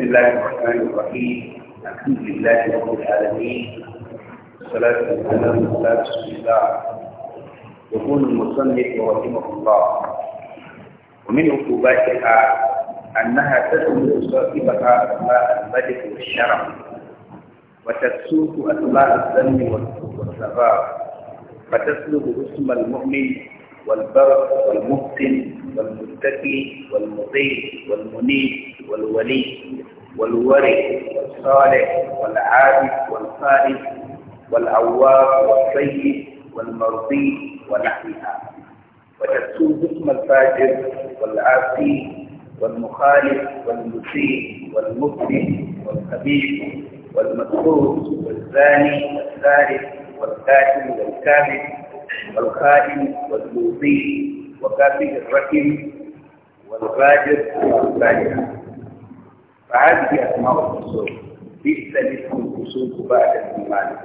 بسم الله الرحمن الرحيم الحمد لله رب العالمين والصلاة والسلام على رسول الله يقول المصنف رحمه الله ومن عقوباتها أنها تسلب صاحبها أسماء الملك والشرف وتسوق أسماء الذم والثغار فتسلب اسم المؤمن والبر والمحسن والمتقي والمطيع والمنيب والولي والوري والصالح والعابد والخالد والأواب والسيد والمرضي ونحوها وتكتب اسم الفاجر والعاصي والمخالف والمسيء والمفسد والخبيث والمكروه والزاني والثالث والقاتل والكاذب والخائن والموصي وكافي الركن والغادر والفاجر فهذه أسماء الفسوق بئس الاسم الفسوق بعد الإيمان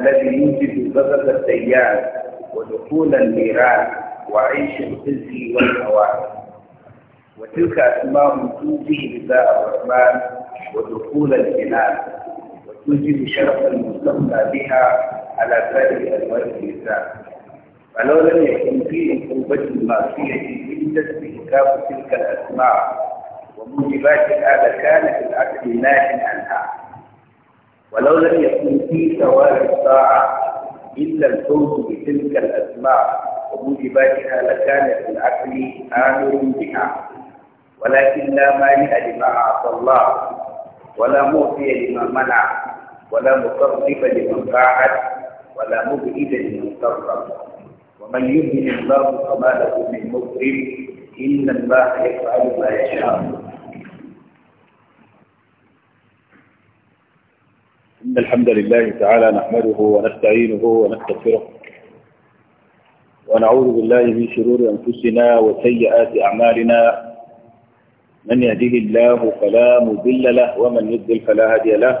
الذي يوجد غضب التيار ودخول النيران وعيش الخزي والهوان وتلك أسماء توجي رداء الرحمن ودخول الجنان وتوجب شرف المستقبل بها على سائر ألوان النساء فلو لم يكن فيه قوة المعصية إلا استنكار تلك الأسماء وموجبات الآلة كان في العقل ناهي عنها ولو لم يكن فيه ثواب الطاعة إلا الفوز بتلك الأسماء وموجباتها لكان في العقل آمر بها ولكن لا مانع لما أعطى الله ولا معطي لما منع ولا مصرف لمن قاعد ولا مبعد للمضطر ومن يبعد الله فما له من مكرم إن الله يفعل ما يشاء إن الحمد لله تعالى نحمده ونستعينه ونستغفره ونعوذ بالله من شرور أنفسنا وسيئات أعمالنا من يهده الله فلا مضل له ومن يضلل فلا هادي له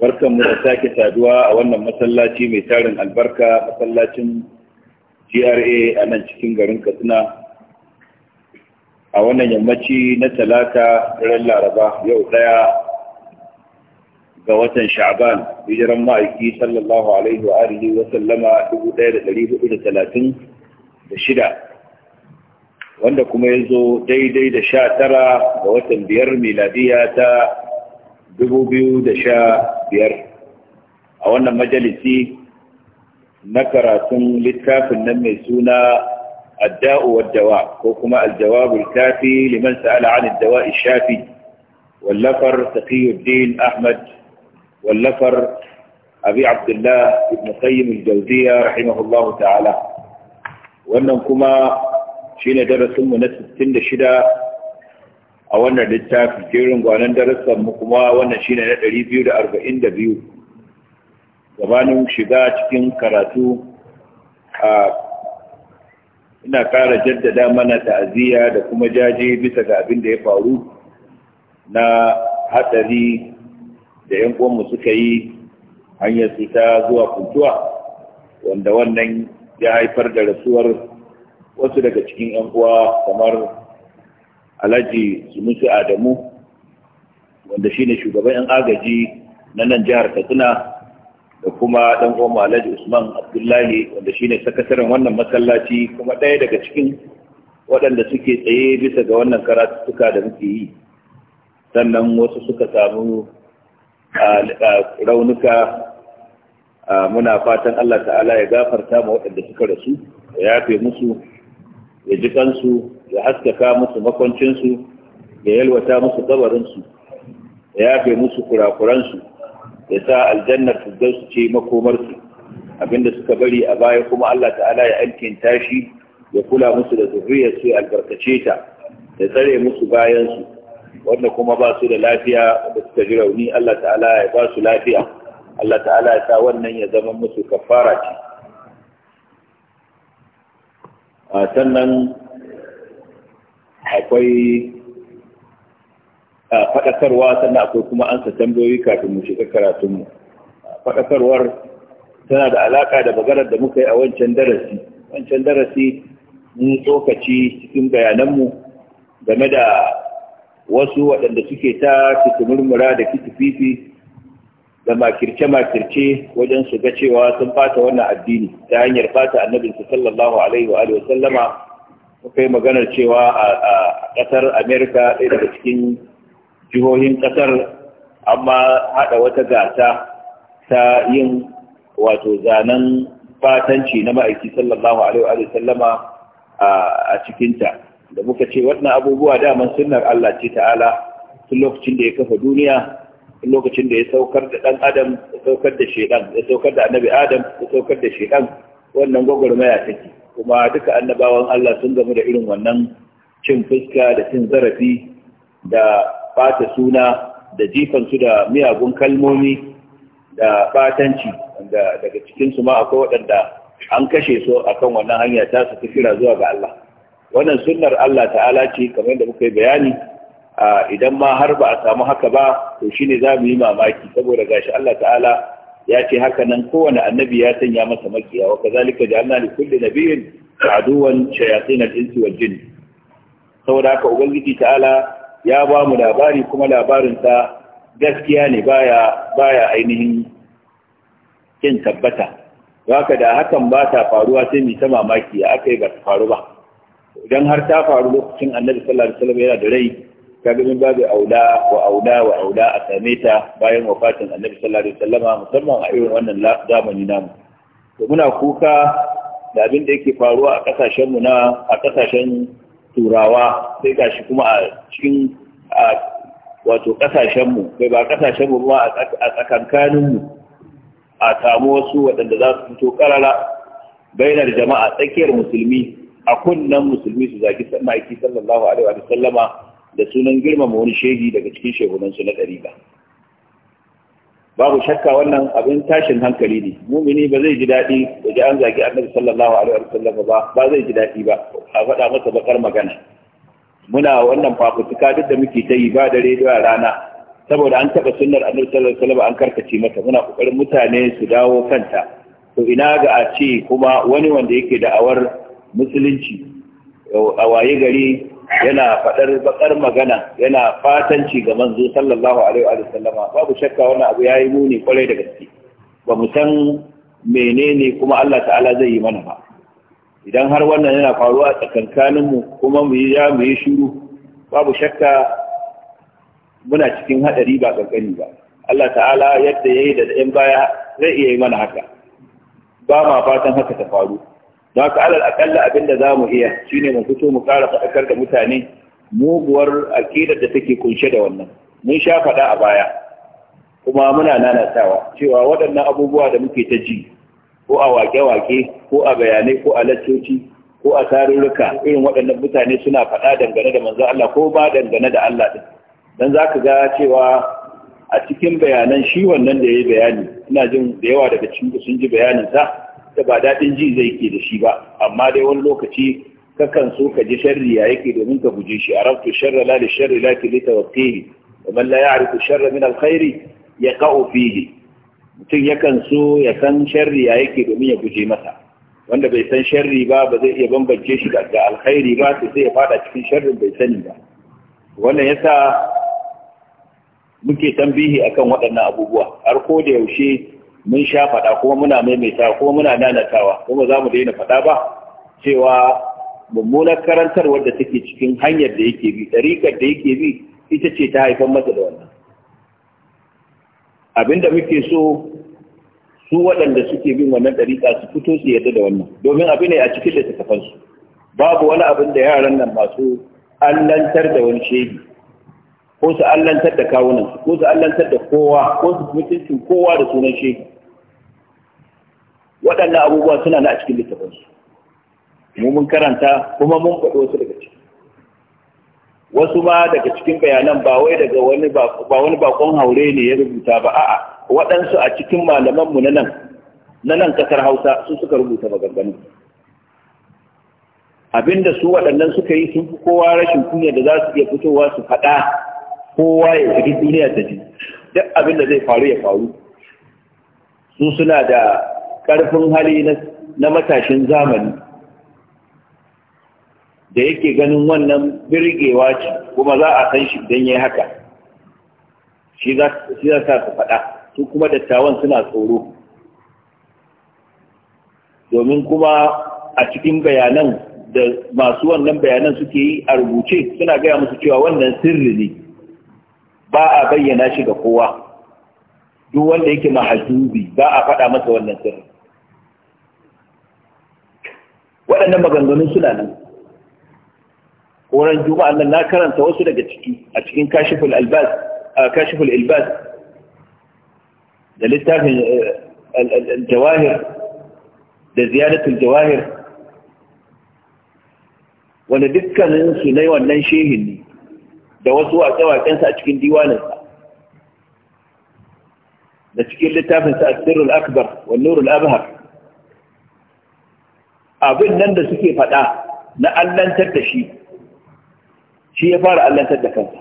barkan mu da sake saduwa a wannan masallaci mai tarin albarka masallacin GRA a nan cikin garin Katsina a wannan yammaci na talata daren Laraba yau daya ga watan Sha'ban hijiran ma'aiki sallallahu alaihi wa alihi wa sallama 1436 wanda kuma ya zo daidai da sha tara ga watan biyar miladiya ta dubu biyu da 2015 a wannan majalisi na karatun littafin nan mai suna adda'u wadda ko kuma aljawabul kafi liman sa'ala da ad-dawa'i shafi wallafar taqiyuddin ahmad wallafar abi abdullah ibn qayyim al-jawziyya rahimahullahu ta'ala wannan kuma shine darasin mu na shida. a wannan littafi jerin gwanon darussan mu kuma wannan shine na 242 gabanin shiga cikin karatu a ina kara jaddada mana ta'aziyya da kuma jaje bisa ga abin da ya faru na hatsari da yan uwanmu suka yi hanyar su ta zuwa kuntuwa wanda wannan ya haifar da rasuwar wasu daga cikin yan uwa kamar alhaji sunusi adamu wanda shine shugaban yan agaji na nan jihar katsina da kuma dan uwan alhaji usman abdullahi wanda shine sakataren wannan masallaci kuma ɗaya daga cikin waɗanda suke tsaye bisa ga wannan karatuka da muke yi sannan wasu suka samu raunuka muna fatan Allah ta'ala ya gafarta ma waɗanda suka rasu ya yafe musu ya ji kansu ya haskaka musu makwancinsu ya yalwata musu gabarinsu ya yafe musu kurakuransu ya sa aljannar su ce makomarsu abinda suka bari a baya kuma Allah ta'ala ya alkin tashi ya kula musu da zuriyar Su albarkace ta ya tsare musu bayansu wanda kuma ba su da lafiya da suka ji rauni Allah ta'ala ya ba su lafiya Allah ta'ala ya sa wannan ya zama musu kafara ce sannan akwai ah, faɗakarwa sannan akwai kuma ansa tambayoyi kafin mu shiga karatunmu faɗakarwar tana da alaƙa da maganar da muka yi a wancan darasi wancan darasi mun tsokaci cikin bayananmu game da wasu waɗanda suke ta murmura da kitififi da makirce-makirce wajen shiga cewa sun fata wannan addini ta hanyar fata annabinsu sallallahu alaihi wa sallama muka yi maganar cewa a ƙasar amerika ɗaya daga cikin jihohin ƙasar amma haɗa wata gasa ta yin wato zanen fatanci na ma'aiki sallallahu alaihi wa sallama a cikinta da muka ce wannan abubuwa daman sunnar Allah ce ta'ala tun lokacin da ya kafa duniya tun lokacin da ya saukar da ɗan adam ya saukar da shedan ya saukar da annabi adam ya saukar da shedan wannan gwagwarmaya take kuma duka annabawan Allah sun gamu da irin wannan cin fuska da cin zarafi da bata suna da jifan su da miyagun kalmomi da batanci daga cikinsu ma akwai waɗanda an kashe su akan wannan hanya ta su fi kira zuwa ga Allah wannan sunnar Allah ta'ala ce kamar yadda muka yi bayani idan ma har ba a samu haka ba to shine za mu yi mamaki saboda gashi Allah ta'ala ya ce haka nan kowane annabi ya sanya masa makiya wa kazalika ja'alna li kulli nabiyyin aduwan shayatin al-insi wal jinn saboda haka ubangiji ta'ala ya ba mu labari kuma labarin sa gaskiya ne baya baya ainihin kin tabbata haka da hakan ba ta faruwa sai mu ta mamaki ya akai ba ta faru ba idan har ta faru lokacin annabi sallallahu alaihi wasallam yana da rai kaga min babu aula wa aula wa aula a same ta bayan wafatin annabi sallallahu alaihi wasallama musamman a irin wannan zamani namu to muna kuka da abin da yake faruwa a kasashen mu na a kasashen turawa sai gashi kuma a cikin wato kasashen mu kai ba kasashen mu ba a tsakankanin mu a samu wasu waɗanda za su fito karara bainar jama'a tsakiyar musulmi a kunnen musulmi su zaki ma'aiki sallallahu alaihi wa sallama da sunan girmama wani shegi daga cikin su na ɗari ba. babu shakka wannan abin tashin hankali ne mumini ba zai ji daɗi da ji an zaki annabi sallallahu alaihi wa sallam ba ba zai ji daɗi ba a faɗa masa bakar magana muna wannan fafutuka duk da muke ta yi ba da rediyo a rana saboda an taɓa sunnar annabi sallallahu alaihi wa an karkace mata muna ƙoƙarin mutane su dawo kanta to ina ga a ce kuma wani wanda yake da'awar musulunci a waye gari yana faɗar bakar magana yana fatan ci ga manzo sallallahu alaihi wa sallama babu shakka wannan abu yayi muni kwarai da gaske ba mu san menene kuma Allah ta'ala zai yi mana ba idan har wannan yana faruwa tsakankanin mu kuma mu yi ya mu yi shiru babu shakka muna cikin hadari ba kankani ba Allah ta'ala yadda yayi da ɗan baya zai iya yi mana haka ba ma fatan haka ta faru don haka alal akalla abin da za mu iya shine mu fito mu kara faɗakar da mutane muguwar aƙidar da take kunshe da wannan mun sha faɗa a baya kuma muna nanatawa cewa waɗannan abubuwa da muke ta ji ko a wake-wake ko a bayanai ko a laccoci ko a tarurruka irin waɗannan mutane suna faɗa dangane da manzo Allah ko ba dangane da Allah din dan ka ga cewa a cikin bayanan shi wannan da ya yi bayani ina jin da yawa daga cikin sun ji bayanin sa da ba daɗin ji zai ke da shi ba amma dai wani lokaci kakan so ka ji sharri ya yake domin ka guje shi arabtu sharra la li sharri la ki litawqihi wa man la ya'rifu sharra min alkhairi ya yaqa'u fihi mutum yakan so ya san sharri ya yake domin ya guje masa wanda bai san sharri ba ba zai iya bambance shi daga alkhairi ba sai ya fada cikin sharrin bai sani ba wannan yasa muke tambihi akan waɗannan abubuwa har ko da yaushe mun sha faɗa kuma muna maimaita kuma muna nanatawa kuma za mu daina faɗa ba cewa mummunar karantar wadda take cikin hanyar da yake bi ɗariƙar da yake bi ita ce ta haifar masa da wannan abinda muke so su waɗanda suke bin wannan ɗariƙa su fito su yadda da wannan domin abu ne a cikin da littattafansu babu wani abin da yaran nan masu allantar da wani shehi ko su allantar da kawunan ko su allantar da kowa ko su mutuncin kowa da sunan shehi waɗannan abubuwa suna na a cikin littafansu mu mun karanta kuma mun faɗi wasu daga ciki wasu ma daga cikin bayanan ba wai daga wani ba wani bakon haure ne ya rubuta ba a'a waɗansu a cikin malaman mu na nan na nan kasar Hausa su suka rubuta maganganu abinda su waɗannan suka yi sun fi kowa rashin kunya da za su iya fitowa su faɗa kowa ya fi duniya ta ji duk abinda zai faru ya faru su suna da ƙarfin hali na matashin zamani da yake ganin wannan birgewa ce kuma za a san shi don ya haka shi za su faɗa su kuma dattawan suna tsoro domin kuma a cikin bayanan da masu wannan bayanan suke yi a rubuce suna gaya musu cewa wannan sirri ne ba a bayyana shi ga kowa duk wanda yake mahajubi ba a faɗa masa wannan sirri waɗannan maganganun suna nan wurin juma'a nan na karanta wasu daga ciki a cikin kashiful albas kashiful albas da littafin eh, jawahir da ziyadatul jawahir wanda dukkanin su ne wannan shehin ne da wasu waƙe-waƙensa a cikin sa da cikin littafinsa a sirrul akbar wa nurul abhar abin nan da suke faɗa na allantar da shi shi ya fara allantar da kansa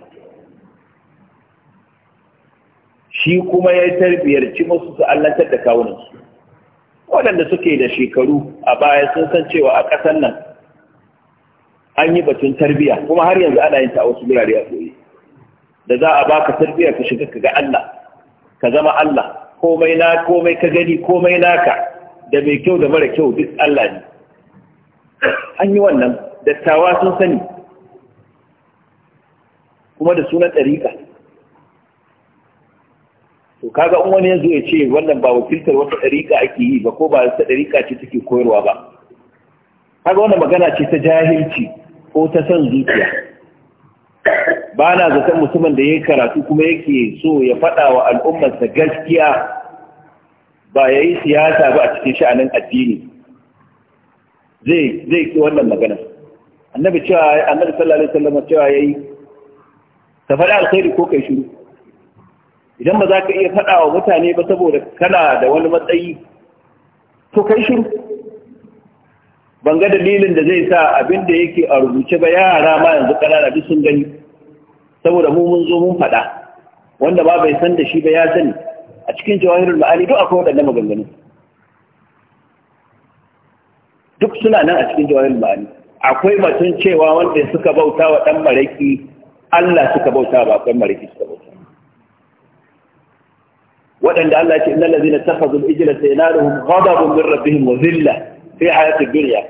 shi kuma ya tarbiyarci musu su allantar da kawunansu waɗanda suke da shekaru a baya sun san cewa a ƙasar nan an yi batun tarbiya kuma har yanzu ana yin ta a wasu wurare a koyi da za a ba ka tarbiya ka shiga ka ga Allah ka zama Allah komai na komai ka gani komai naka da mai kyau da mara kyau duk Allah ne an yi wannan dattawa sun sani kuma da sunan ɗariƙa to kaga in wani yanzu ya ce wannan ba wakiltar wata ɗariƙa ake yi ba ko ba wata ɗariƙa ce take koyarwa ba kaga wannan magana ce ta jahilci ko ta son zuciya ba na zaton mutumin da ya yi karatu kuma yake so ya faɗa wa al'ummarsa gaskiya ba ya yi siyasa ba a cikin sha'anin addini zai yi wannan magana annabi cewa annabi sallallahu alaihi wasallam cewa yayi ka faɗa alkhairi ko kai shiru idan ba za ka iya faɗa wa mutane ba saboda kana da wani matsayi to kai shiru ban dalilin da zai sa abin da yake a rubuce ba yara ma yanzu ƙanana duk sun gani saboda mu mun zo mun faɗa wanda ba bai san da shi ba ya sani a cikin jawahirul ma'ani duk akwai waɗannan maganganu duk suna nan a cikin jawabin ma'ani akwai batun cewa wanda suka bauta wa ɗan mariki Allah suka bauta ba akwai mariki suka bauta waɗanda Allah ce innal ladzina takhadhu na ijla sayanaluhum hada min rabbihim wa zilla fi hayatid dunya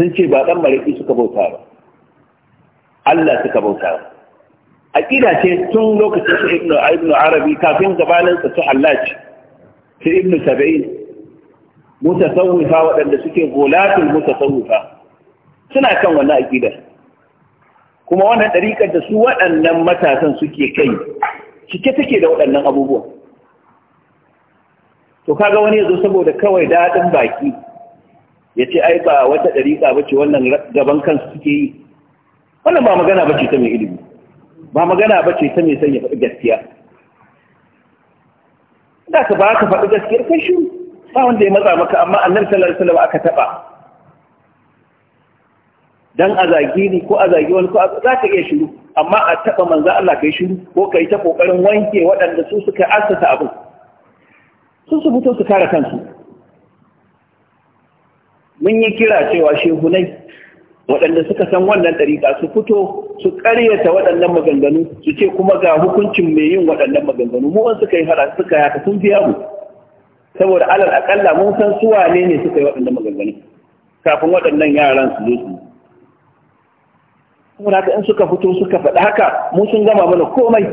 sun ce ba ɗan mariki suka bauta ba Allah suka bauta ba ƙida ce tun lokacin su ibnu arabi kafin gabanin su hallaci su ibnu saba'in mutasawwifa waɗanda suke golatul mutasawwifa suna kan wannan aqidar kuma wannan ɗariƙar da su waɗannan matasan suke kai cike take da waɗannan abubuwa to kaga wani ya zo saboda kawai daɗin baki ya ce ai ba wata ɗariƙa ba wannan gaban kansu suke yi wannan ba magana ba ta mai ilimi ba magana ba ta mai sanya gaskiya da ka ba ka faɗi gaskiyar kai shiru ba wanda ya matsa maka amma annabi sallallahu alaihi wasallam aka taɓa dan a zagi ni ko a zagi wani ko za ka iya shiru amma a taɓa manzo Allah kai shiru ko kai ta kokarin wanke waɗanda su suka asasa abu su su fito su kare kansu mun yi kira cewa shehunai waɗanda suka san wannan ɗariƙa su fito su ƙaryata waɗannan maganganu su ce kuma ga hukuncin mai yin waɗannan maganganu mu wani suka yi hara suka yaka sun biya mu saboda alal aƙalla mun san su wane ne suka yi waɗannan maganganu kafin waɗannan yaran su zo su saboda haka in suka fito suka faɗi haka mu sun gama mana komai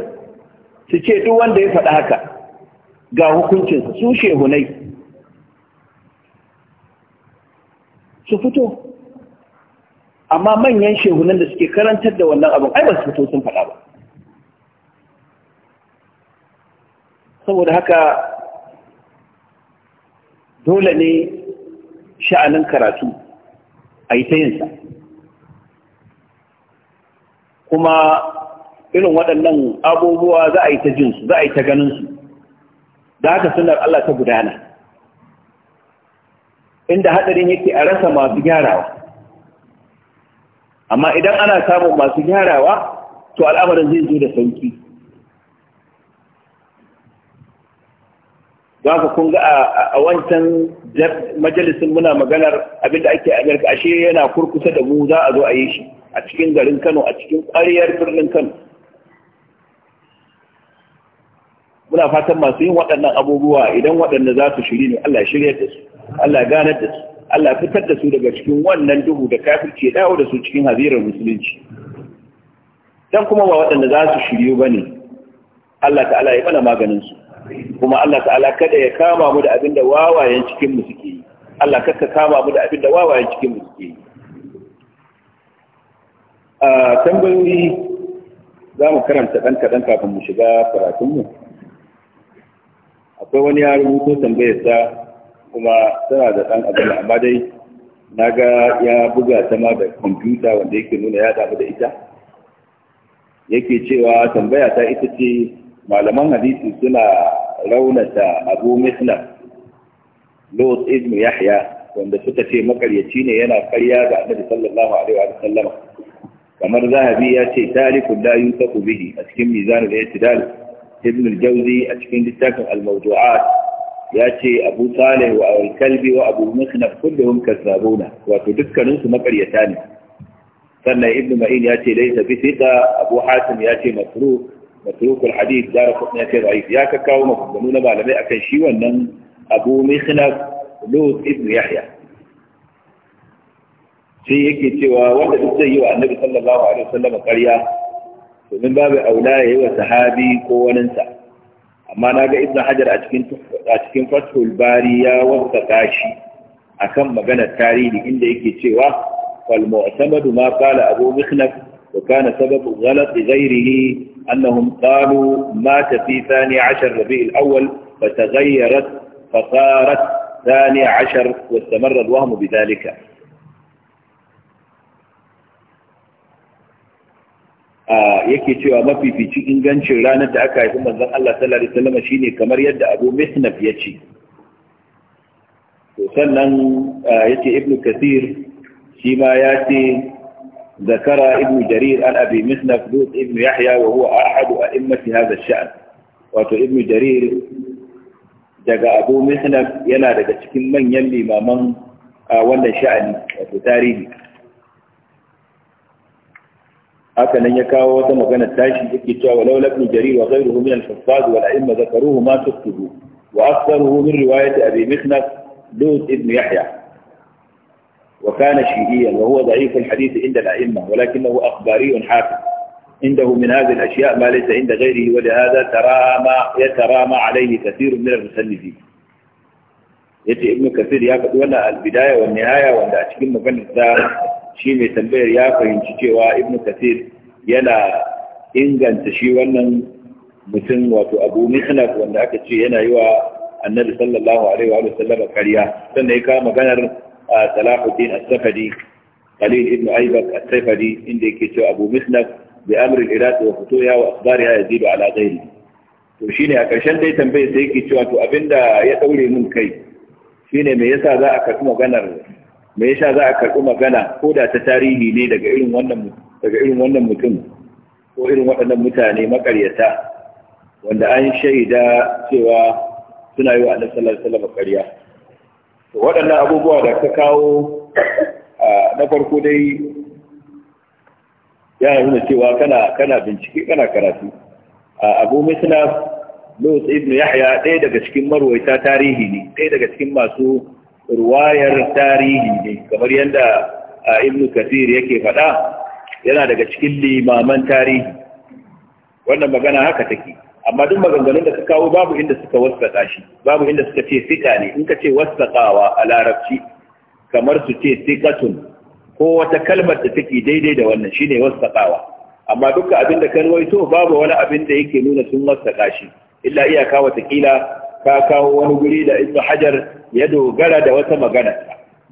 su ce duk wanda ya faɗi haka ga hukuncinsa su shehunai su fito amma manyan shehunan da suke karantar da wannan abin ai ba su fito sun faɗa ba saboda haka dole ne sha'anin karatu a yi ta yinsa kuma irin waɗannan abubuwa za a yi ta jinsu za a yi ta ganinsu da haka sunar Allah ta gudana inda haɗarin yake a rasa masu gyarawa amma idan ana samun masu gyarawa to al'amarin zai zo da sauki za ka kun ga a wancan majalisin muna maganar abinda ake garka. ashe yana kurkusa da mu za a zo a yi shi a cikin garin kano a cikin ƙwariyar birnin kano muna fatan masu yin waɗannan abubuwa idan waɗanda za su shiri ne allah shirya da su allah ganar da su Allah fitar da su daga cikin wannan duhu da kafirci ya dawo da su cikin hazirar musulunci dan kuma ba waɗanda za su shiryu bane Allah ta'ala ya mana maganin su kuma Allah ta'ala kada ya kama mu da abin da wawayen cikin mu suke yi Allah ka kama mu da abin da wawayen cikin mu suke yi a tambayoyi za mu karanta ɗan kaɗan kafin mu shiga karatunmu akwai wani ya rubuto tambayar sa kuma tana da ɗan abin amma dai na ga ya buga ta ma da kwamfuta wanda yake nuna ya damu da ita yake cewa tambaya ta ita ce malaman hadisi suna raunata abu misla lot ibn yahya wanda suka ce makaryaci ne yana karya ga annabi sallallahu alaihi wa sallam kamar zahabi ya ce tarikun la yutaku bihi a cikin mizanul i'tidal ibn al-jawzi a cikin littafin al-mawdu'at ya ce abu salih wa awal kalbi wa abu musnaf kulluhum kazzabuna wato dukkanin su makaryata ne sannan ibnu ma'in ya ce laysa bi thiqa abu hatim ya ce masruq masruq al hadith dar qutni ya ce da'if ya ka kawo maganganu na malamai akan shi wannan abu musnaf lut ibn yahya sai yake cewa wanda duk zai yi wa annabi sallallahu alaihi wasallam ƙarya domin babu aulaya ya yi wa sahabi ko waninsa amma na ga ibn hajar a cikin a cikin fathul bari ya wasaka shi akan maganar tarihi inda yake cewa wal mu'tamad ma qala abu mikhnaf wa kana sabab ghalat ghayrihi annahum qalu mata fi 12 rabi' al-awwal fa taghayyarat fa sarat 12 واستمر الوهم بذلك yake cewa mafificin ingancin ranar da aka haifi manzon Allah sallallahu alaihi wasallam shine kamar yadda Abu Misnaf ya ce to sannan yace Ibn Kathir shi ma ya ce ذكر ابن Misnaf عن أبي Ibn Yahya wa ahadu a أحد أئمة هذا sha'an wato ibn jarir daga abu Misnaf yana daga cikin manyan limaman a wannan sha'ani wato tarihi haka nan ya kawo wata magana tashi yake cewa walau labni jarir wa ghayruhu min al-huffaz wal a'imma zakaruhu ma tuktubu wa aktharuhu min riwayat abi mihnas lut ibn yahya وكان شيعيا وهو ضعيف الحديث عند الأئمة ولكنه أخباري حافظ عنده من هذه الأشياء ما ليس عند غيره ولهذا ترامى يترامى عليه كثير من المسلمين يتي ابن كثير يا ولا البداية والنهاية ولا أشكل مفنس shi mai tambayar ya fahimci cewa ibn kathir yana inganta shi wannan mutum wato abu mihnaf wanda aka ce yana yi wa annabi sallallahu alaihi wa sallama kariya sannan ya kawo maganar salahuddin as-safadi khalil ibn aibak as-safadi inda yake cewa abu mihnaf bi amri al-iraq wa ya wa ya yazidu ala ghairi to shine a ƙarshen dai tambayar sai yake cewa to abinda ya daure mun kai shine me yasa za a karɓi maganar me yasa za a karɓi magana ko da ta tarihi ne daga irin wannan daga irin wannan mutum ko irin waɗannan mutane makaryata wanda an shaida cewa suna yi wa annabi sallallahu alaihi wasallam ƙarya to waɗannan abubuwa da ka kawo na farko dai ya nuna cewa kana kana bincike kana karatu abu misla Lut ibn Yahya ɗaya daga cikin marwaita tarihi ne ɗaya daga cikin masu ruwayar tarihi ne kamar yadda Ibn kathir yake faɗa yana daga cikin limaman tarihi wannan magana haka take amma duk maganganun da suka kawo babu inda suka wasfata shi babu inda suka ce sika ne in ka ce wasfatawa a larabci kamar su ce sikatun ko wata kalmar da take daidai da wannan shine wasfatawa amma duka abin da kan waito babu wani abin da yake nuna sun wasaka shi illa iyaka wata kila ka kawo wani guri da ibnu hajar ya dogara da wata magana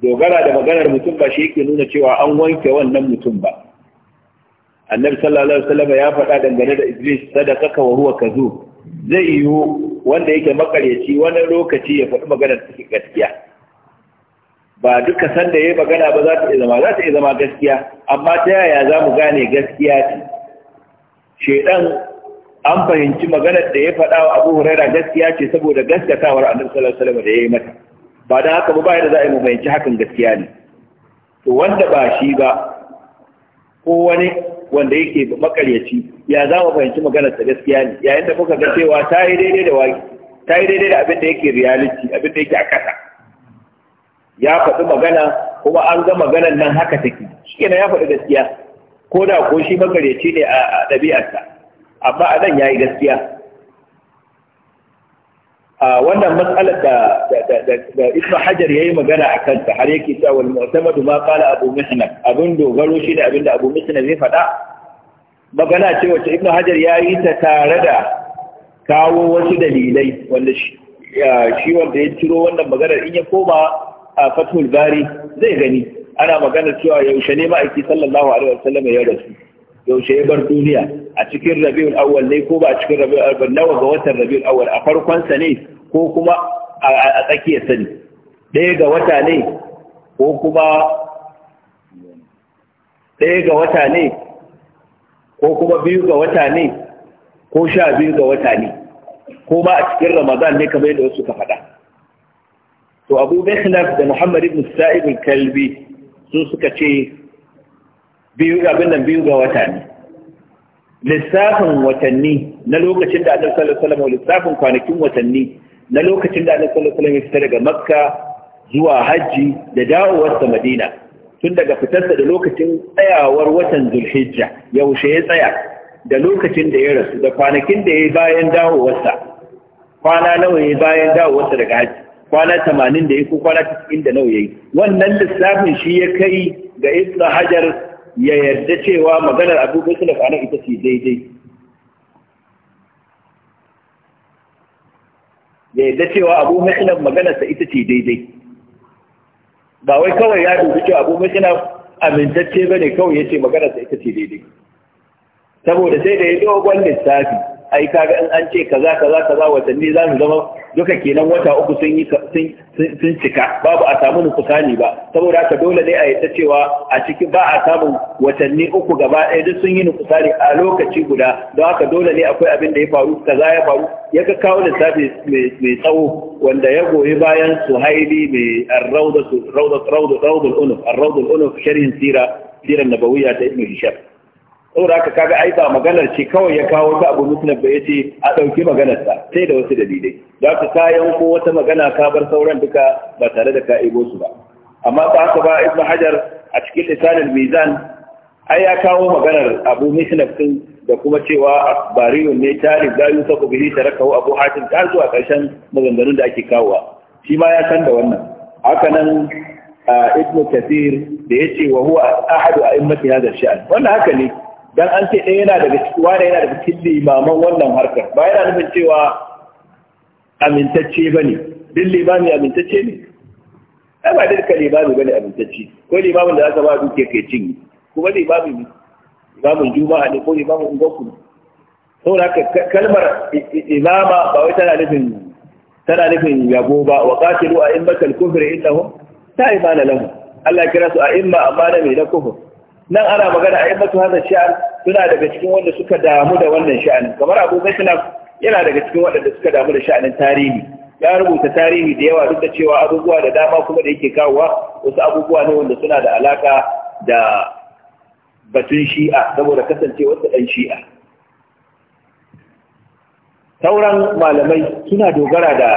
dogara da maganar mutum ba shi yake nuna cewa an wanke wannan mutum ba annabi sallallahu alaihi wasallam ya faɗa dangane da sada kaka wa huwa kazu zai yiwu wanda yake makaryaci wani lokaci ya faɗi magana cikin gaskiya ba duka sanda yayi magana ba za ta iya zama za ta iya zama gaskiya amma ta yaya za mu gane gaskiya ce shedan an fahimci maganar da ya faɗa wa Abu hurairah gaskiya ce saboda gaskatawar annabi sallallahu alaihi wasallam da yayi mata ba da haka ba bayan da za a yi mamayanci hakan gaskiya ne to wanda ba shi ba ko wani wanda yake makaryaci ya za mu fahimci maganar ta gaskiya ne yayin da kuka ga cewa ta yi daidai da waki ta yi daidai da abin da yake reality abin da yake a kasa ya faɗi magana kuma an ga maganar nan haka take shi kenan ya faɗi gaskiya ko da ko shi makaryaci ne a ɗabi'arsa amma a nan ya yi gaskiya wannan matsalar da da Ibn Hajar yi magana a kanta har yake ta wal mu'tamadu ma qala Abu Musnad abin dogaro shi da abin da Abu Musnad zai faɗa magana ce wacce Ibn Hajar yayi ta tare da kawo wasu dalilai wanda shi wanda ya ciro wannan maganar in ya koma a Fathul Bari zai gani ana maganar cewa yaushe ne ma'aiki sallallahu alaihi wasallam ya rasu yaushe ya bar duniya a cikin rabiul awwal ne ko ba a cikin rabiul awwal nawa ga watan rabiul awwal a farkon sa ne ko kuma a tsakiyar sa ne ɗaya ga wata ne ko kuma ɗaya ga wata ne ko kuma biyu ga wata ne ko sha biyu ga wata ne ko ma a cikin ramadan ne kamar yadda wasu ka faɗa to abu bakhlaf da muhammad ibn sa'ib al-kalbi sun suka ce biyu abin nan biyu ga wata ne lissafin watanni na lokacin da annabi sallallahu alaihi wasallam lissafin kwanakin watanni na lokacin da annabi sallallahu alaihi wasallam ya fita daga makka zuwa hajji da sa madina tun daga fitarsa da lokacin tsayawar watan zulhijja yaushe ya tsaya da lokacin da ya rasu da kwanakin da ya bayan sa kwana nawa ya bayan sa daga hajji kwana tamanin da ya ko kwana 90 da nawa ya yi wannan lissafin shi ya kai ga ibnu hajar ya yarda cewa maganar abu bai sulaf anan ita ce daidai ya yarda cewa abu bai maganar maganarsa ita ce daidai ba wai kawai ya dubi cewa abu bai sulaf amintacce ba ne kawai ya ce maganarsa ita ce daidai saboda sai da ya dogon lissafi ai kaga in an ce kaza kaza kaza watanni za su zama duka kenan wata uku sun yi sun cika babu a samu nukusani ba saboda haka dole ne a yadda cewa a ciki ba a samun watanni uku gaba ɗaya duk sun yi nukusani a lokaci guda don haka dole ne akwai abin da ya faru kaza ya faru ya ka kawo lissafi mai tsawo wanda ya goyi bayan su haili mai arraudul unuf arraudul unuf sharhin sira sirar nabawiya ta ibn hisham saboda haka kaga ai ba maganar ce kawai ya kawo ta abu musnad ba ya ce a dauki maganar ta sai da wasu dalilai za ka ka yanko wata magana ka bar sauran duka ba tare da ka ego su ba amma ba haka ba ibnu hajar a cikin lisanul mizan ai ya kawo maganar abu musnad din da kuma cewa bariyun ne talib da yusaku bihi tarakahu abu hatim zuwa karshen maganganun da ake kawowa shi ma ya san da wannan haka nan ibnu kathir da yace wa huwa ahadu a'immati hadha sha'an wannan haka ne dan an ce ɗaya yana daga cikin wani yana daga cikin limaman wannan harkar ba yana nufin cewa amintacce ba ne duk limami amintacce ne ai ba duka limami ba ne amintacce ko limamin da aka ba duke kai cinye kuma limami ne limamin juma'a ne ko limamin Ungoku ne saboda haka kalmar imama ba wai tana nufin tana nufin yabo ba wa qatilu a immatal kufri innahum ta'ibana lahum Allah kira su a imma amma na mai na kufur nan ana magana a yammatu hada sha'an suna daga cikin wanda suka damu da wannan sha'an kamar abu zainab yana daga cikin waɗanda suka damu da sha'anin tarihi ya rubuta tarihi da yawa duk da cewa abubuwa da dama kuma da yake kawowa wasu abubuwa ne wanda suna da alaka da batun shi'a saboda kasance wasu ɗan shi'a sauran malamai suna dogara da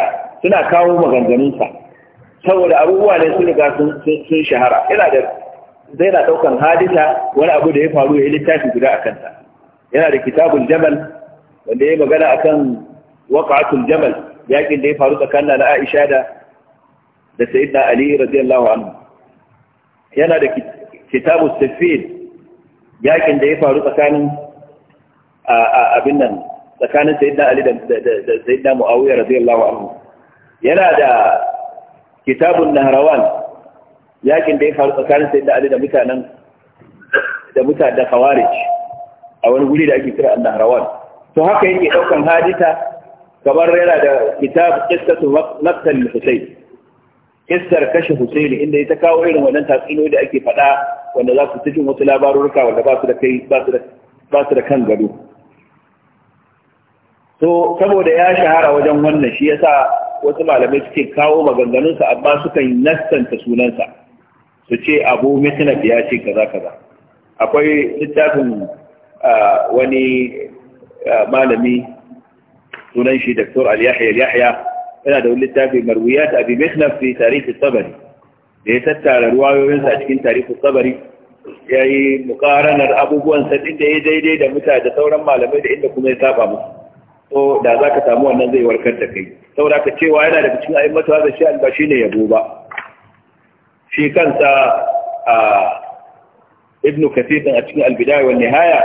suna kawo maganganunsa saboda abubuwa ne sun riga sun shahara yana da zai na daukan hadisa wani abu da ya faru ya yi littafi guda a kanta yana da kitabul jamal wanda ya magana akan waqa'atul jamal yakin da ya faru tsakanin na Aisha da da Sayyidina Ali radiyallahu anhu yana da kitabus safin yakin da ya faru tsakanin abin nan tsakanin Sayyidina Ali da Sayyidina Muawiya radiyallahu anhu yana da kitabun nahrawan yakin da ya faru tsakanin sai da da mutanen da mutanen da a wani guri da ake kira an nahrawan to haka yake daukan hadita kamar rera da kitab qissatu maqtal husayn kissar kashe Husayn inda ya ta kawo irin wannan tatsino da ake faɗa wanda za su cikin wasu labarurka wanda ba su da kai ba su da kan gado to saboda ya shahara wajen wannan shi yasa wasu malamai suke kawo maganganunsa amma sukan nassanta sunansa su ce abu mitinab ya ce kaza kaza akwai littafin wani malami sunan shi Dr. Al-Yahya Al-Yahya yana da wani littafi marwiyat abi mitinab fi tarihi sabari da ya tattara ruwayoyinsa a cikin tarihi sabari ya yi mukaranar abubuwan sabbin da ya daidai da mutane da sauran malamai da inda kuma ya saba musu so da za ka samu wannan zai warkar da kai saboda ka cewa yana da cikin ayyukan mata da shi ba ne yabo ba shi kansa a ibnu kathir a cikin albidaya wal nihaya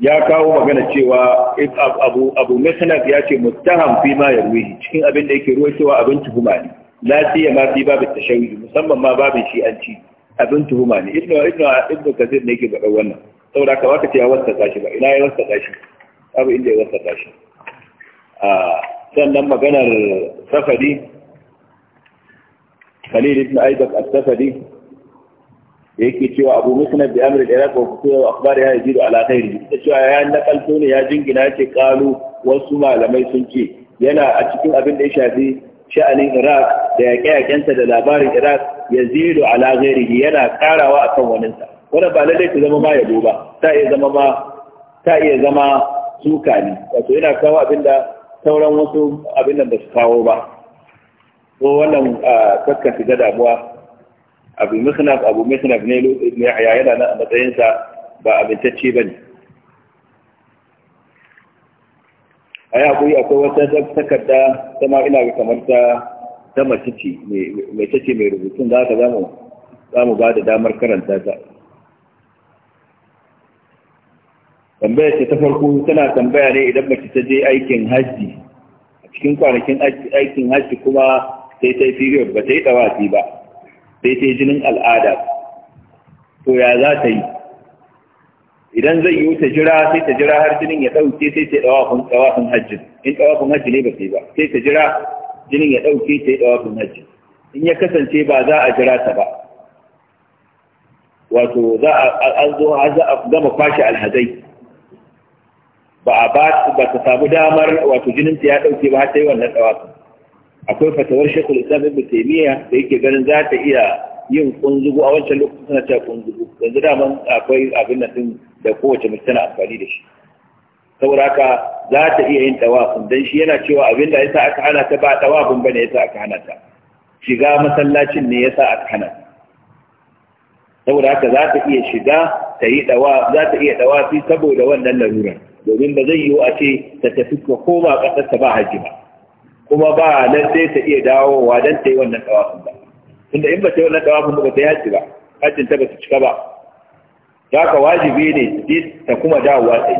ya kawo magana cewa abu abu mihnaf ya ce muttaham fi ma yarwihi cikin abin da yake ruwaitowa abin tuhuma ne la siya ma fi babu tashayyu musamman ma babin shi an ci abin tuhuma ne ibnu ibnu ibnu kathir ne yake faɗa wannan saboda ka ce ya wasta tashi ba ina ya wasta tashi abu inda ya wasta tashi a sannan maganar safari khalil ibn aizak as-safadi yake cewa abu musnad bi amri al-iraq wa kutuba wa akhbari ya yajidu ala ghairi da cewa ya nakalto ne ya jingina ce kalu wasu malamai sunce yana cikin abin da ya shafi sha'anin iraq da yaƙe-yaƙensa da labarin iraq yazidu ala ghairihi yana karawa akan waninsa wannan ba lallai ta zama ma yabo ba ta iya zama ma ta wato yana kawo abinda sauran wasu abin da ba su kawo ba ko wannan kakkan shiga damuwa abu mihnaf abu mihnaf ne ne ya yana na a matsayinsa ba abintacce ba ne a yi akwai akwai wata takarda ta ma ina kamar ta ta mace mai tace mai rubutun za ka zamu zamu ba da damar karanta ta tambaya ce ta farko tana tambaya ne idan mace ta je aikin hajji a cikin kwanakin aikin hajji kuma sai ta yi period ba ta yi ɗawafi ba sai ta yi jinin al'ada to ya za ta yi idan zai yi ta jira sai ta jira har jinin ya ɗauke sai ta yi ɗawafin ɗawafin hajji in ɗawafin hajji ne ba ta ba sai ta jira jinin ya ɗauke ta yi ɗawafin hajji in ya kasance ba za a jira ta ba wato za a zo za a gama kwashe alhazai ba a ba ta samu damar wato jinin ta ya ɗauke ba har ta yi wannan ɗawafin akwai fatawar shekul islam ibn taymiya da yake ganin za ta iya yin kunzugu a wancan lokacin suna cewa kunzugu yanzu daman akwai abin da sun da kowace mutum tana amfani da shi saboda haka za ta iya yin tawafin dan shi yana cewa abin da yasa aka hana ta ba tawafin bane yasa aka hana ta shiga masallacin ne yasa aka hana ta saboda haka za ta iya shiga ta yi dawa za ta iya dawafi saboda wannan larurar domin ba zai yiwu a ce ta tafi ko ba ƙasar ta ba Hajji ba kuma ba nan sai ta iya dawowa don ta yi wannan tawafin ba tunda in ba ta yi wannan tawafin ba ta yi haji ba hajjin ta ba su cika ba za ka wajibi ne ta kuma dawowa ta yi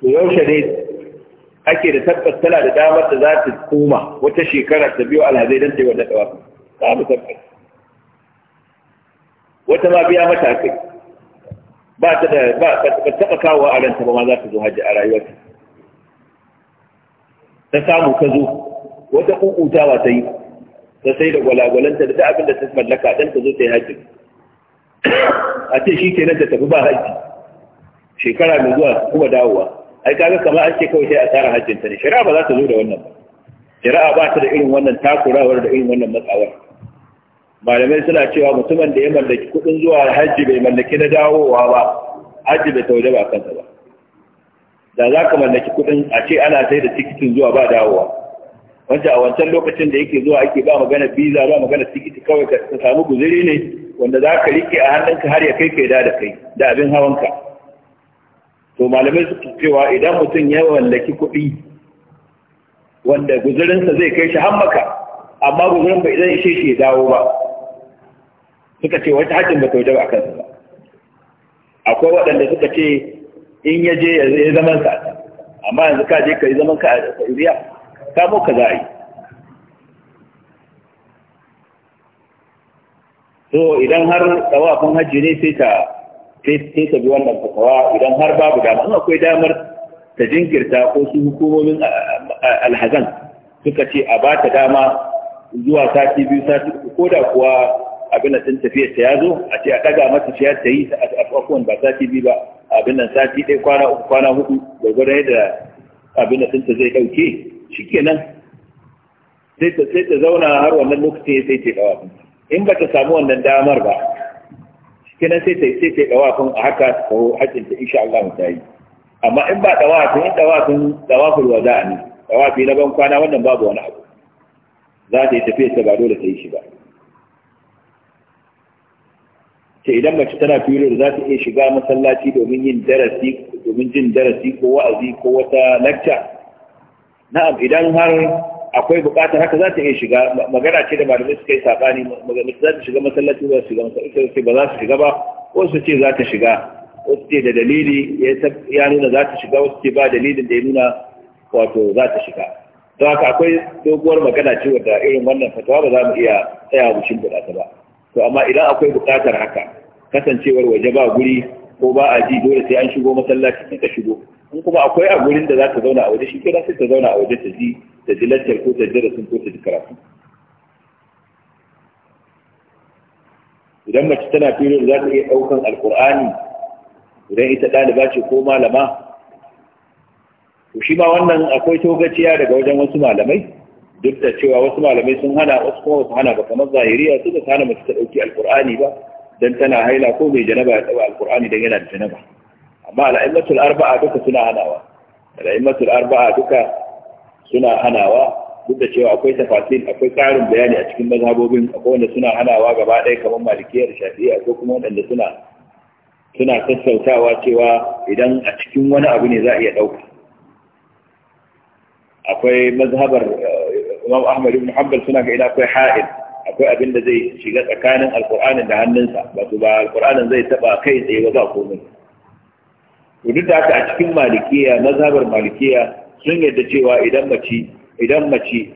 to yaushe ne ake da tabbas tana da damar da za ta koma wata shekara ta biyu alhazai don ta yi wannan tawafin za mu tabbas wata ma biya mata kai ba ta da ba ta taɓa kawo a ranta ba ma za ta zo hajji a rayuwarta ta samu ka zo wata kukutawa ta yi ta sai da gwalagwalanta da ta abin da ta mallaka dan ta zo ta yi hajji a ce shi kenan ta tafi ba haji shekara mai zuwa kuma dawowa ai kaga kamar an ce kawai sai a tsara hajjin ta ne shari'a ba za ta zo da wannan ba shari'a ba ta da irin wannan takurawar da irin wannan matsawar malamai suna cewa mutumin da ya mallaki kuɗin zuwa hajji bai mallaki na dawowa ba hajji bai tauje ba kansa ba da za ka mallaki kuɗin a ce ana sai da tikitin zuwa ba dawowa wanda a wancan lokacin da yake zuwa ake ba magana visa ba magana tikiti kawai ka samu guzuri ne wanda za ka rike a hannunka har ya kai kai da kai da abin hawanka to malamai suke cewa idan mutum ya mallaki kuɗi wanda guzurinsa zai kai shi hammaka amma guzurin bai zai ishe shi ya dawo ba suka ce wata hajjin ba ta wajen a kansa ba akwai waɗanda suka ce in ya je ya zaman ka amma yanzu ka je ka yi zaman ka a sa'iriya ka mu ka za a yi so idan har tsawafin hajji ne sai ta sai ta bi wannan fasawa idan har babu dama in akwai damar ta jinkirta ko su hukumomin alhazan suka ce a ba ta dama zuwa sati biyu sati uku ko da kuwa abin da sun tafiya ta yazo a ce a daga mata ta ta yi a afuwan ba sati biyu ba abin nan sati ɗaya kwana uku kwana hudu gwargwadon yadda abin da sun ta zai ɗauke shikenan sai ta sai ta zauna har wannan lokacin sai ta dawa in ba ta samu wannan damar ba shikenan sai ta sai ta dawa kun a haka ko haƙƙin ta insha Allah ta yi amma in ba ɗawafin kun in ɗawafin kun dawa za a ne dawa na ban kwana wannan babu wani abu za ta yi tafiya ta ba dole ta yi shi ba ce idan mace tana period za ta iya shiga masallaci domin yin darasi domin jin darasi ko wa'azi ko wata lecture na'am idan har akwai bukatar haka za ta iya shiga magana ce da malamai suka yi sabani magana za ta shiga masallaci Ba su shiga masallaci ba za su shiga ba wasu ce za ta shiga wasu ce da dalili ya nuna za ta shiga wasu ce ba dalilin da ya nuna wato za ta shiga don haka akwai doguwar magana ce wadda irin wannan fatawa ba za mu iya tsaya mu shimfiɗa ta ba to amma idan akwai buƙatar haka kasancewar waje ba guri ko ba a ji dole sai an shigo masallaci sai ka shigo in kuma akwai a gurin da za ta zauna a waje shi kira sai ta zauna a waje ta ji ta ji lantar ko ta sun ko ta ji karatu idan mace tana da za ta iya ɗaukan alƙur'ani idan ita ɗaliba ce ko malama to shi ma wannan akwai togaciya daga wajen wasu malamai duk da cewa wasu malamai sun hana wasu kuma wasu hana ba kamar zahiriya su ba hana mace ta ɗauki alƙur'ani ba dan tana haila ko mai janaba ya ɗauka alƙur'ani dan yana da janaba amma al'aimatul arba'a duka suna hanawa al'aimatul arba'a duka suna hanawa duk da cewa akwai tafasil akwai tsarin bayani a cikin mazhabobin akwai wanda suna hanawa gaba ɗaya kamar malikiyar shafi'i akwai kuma wanda suna suna sassautawa cewa idan a cikin wani abu ne za a iya ɗauka akwai mazhabar eh, imam ahmad ibn hanbal suna ga ina akwai ha'il akwai abin da zai shiga tsakanin alqur'anin da hannunsa wato ba alqur'anin zai taba kai tsaye ba ba komai to duk da haka a cikin malikiya mazhabar malikiya sun yadda cewa idan mace idan mace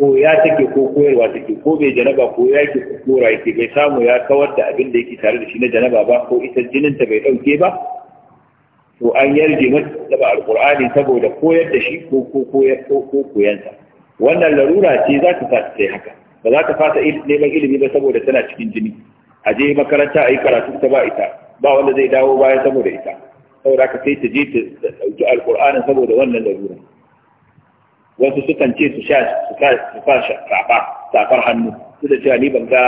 ko ya take ko koyarwa take ko bai janaba ko ya ke kokora kora yake bai samu ya kawar da abin da yake tare da shi na janaba ba ko ita jinin ta bai dauke ba to an yarje mata da alqur'ani saboda koyar da shi ko ko koyar ko koyansa wannan larura ce za ta fata sai haka ba za ta fata neman ilimi ba saboda tana cikin jini a je makaranta a yi karatu ta ba ita ba wanda zai dawo baya saboda ita saboda haka sai ta je ta ɗauki alƙur'anin saboda wannan larura wasu sukan ce su sha su sa safa safar hannu su da cewa ni ban ga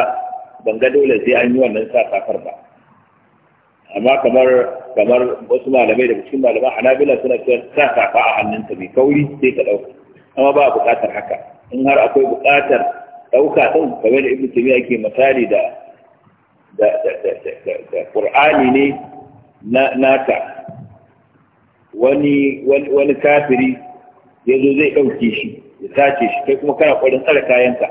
ban ga dole sai an yi wannan sa safar ba amma kamar kamar wasu malamai daga cikin malaman hanabila suna cewa sa safa a hannunta mai kauri sai ka ɗauka amma ba buƙatar haka in har akwai buƙatar ɗauka ɗin kamar da ibn tabi ake misali da da ƙur'ani ne na ka wani wani kafiri ya zo zai ɗauke shi ya sace shi kai kuma kana ƙwarin tsare kayanka